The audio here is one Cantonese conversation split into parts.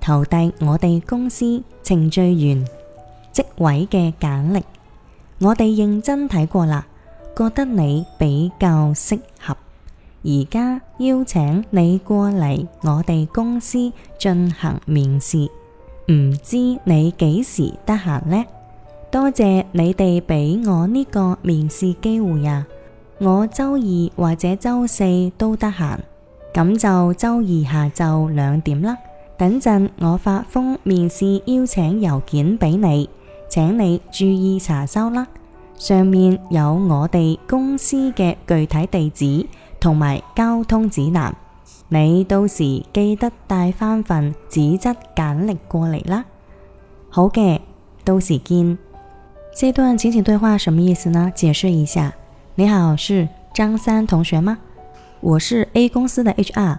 投遞我哋公司程序員職位嘅簡歷，我哋認真睇過啦，覺得你比較適合。而家邀請你過嚟我哋公司進行面試，唔知你幾時得閒呢？多謝你哋俾我呢個面試機會呀！我周二或者周四都得閒，咁就周二下晝兩點啦。等陣我發封面試邀請郵件俾你，請你注意查收啦。上面有我哋公司嘅具體地址同埋交通指南，你到時記得帶返份紙質簡歷過嚟啦。好嘅，到時見。這段情景對話什麼意思呢？解釋一下。你好，是張三同學嗎？我是 A 公司的 HR。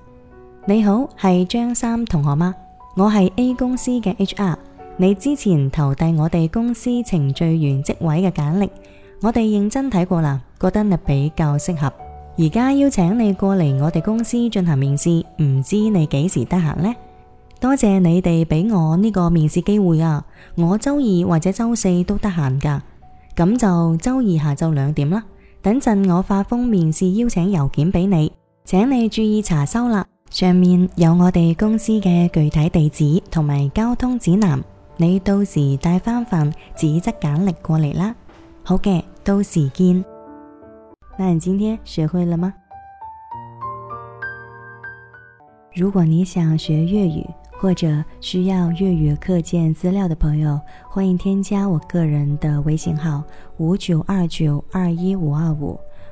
你好，係張三同學嗎？我係 A 公司嘅 HR。你之前投遞我哋公司程序員職位嘅簡歷，我哋認真睇過啦，覺得你比較適合。而家邀請你過嚟我哋公司進行面試，唔知你幾時得閒呢？多謝你哋俾我呢個面試機會啊！我周二或者周四都得閒噶，咁就周二下晝兩點啦。等陣我發封面試邀請郵件俾你，請你注意查收啦。上面有我哋公司嘅具體地址同埋交通指南，你到時帶翻份紙質簡歷過嚟啦。好嘅，到時見。那你今天學會了嗎？如果你想學粵語或者需要粵語課件資料嘅朋友，歡迎添加我個人嘅微信號五九二九二一五二五。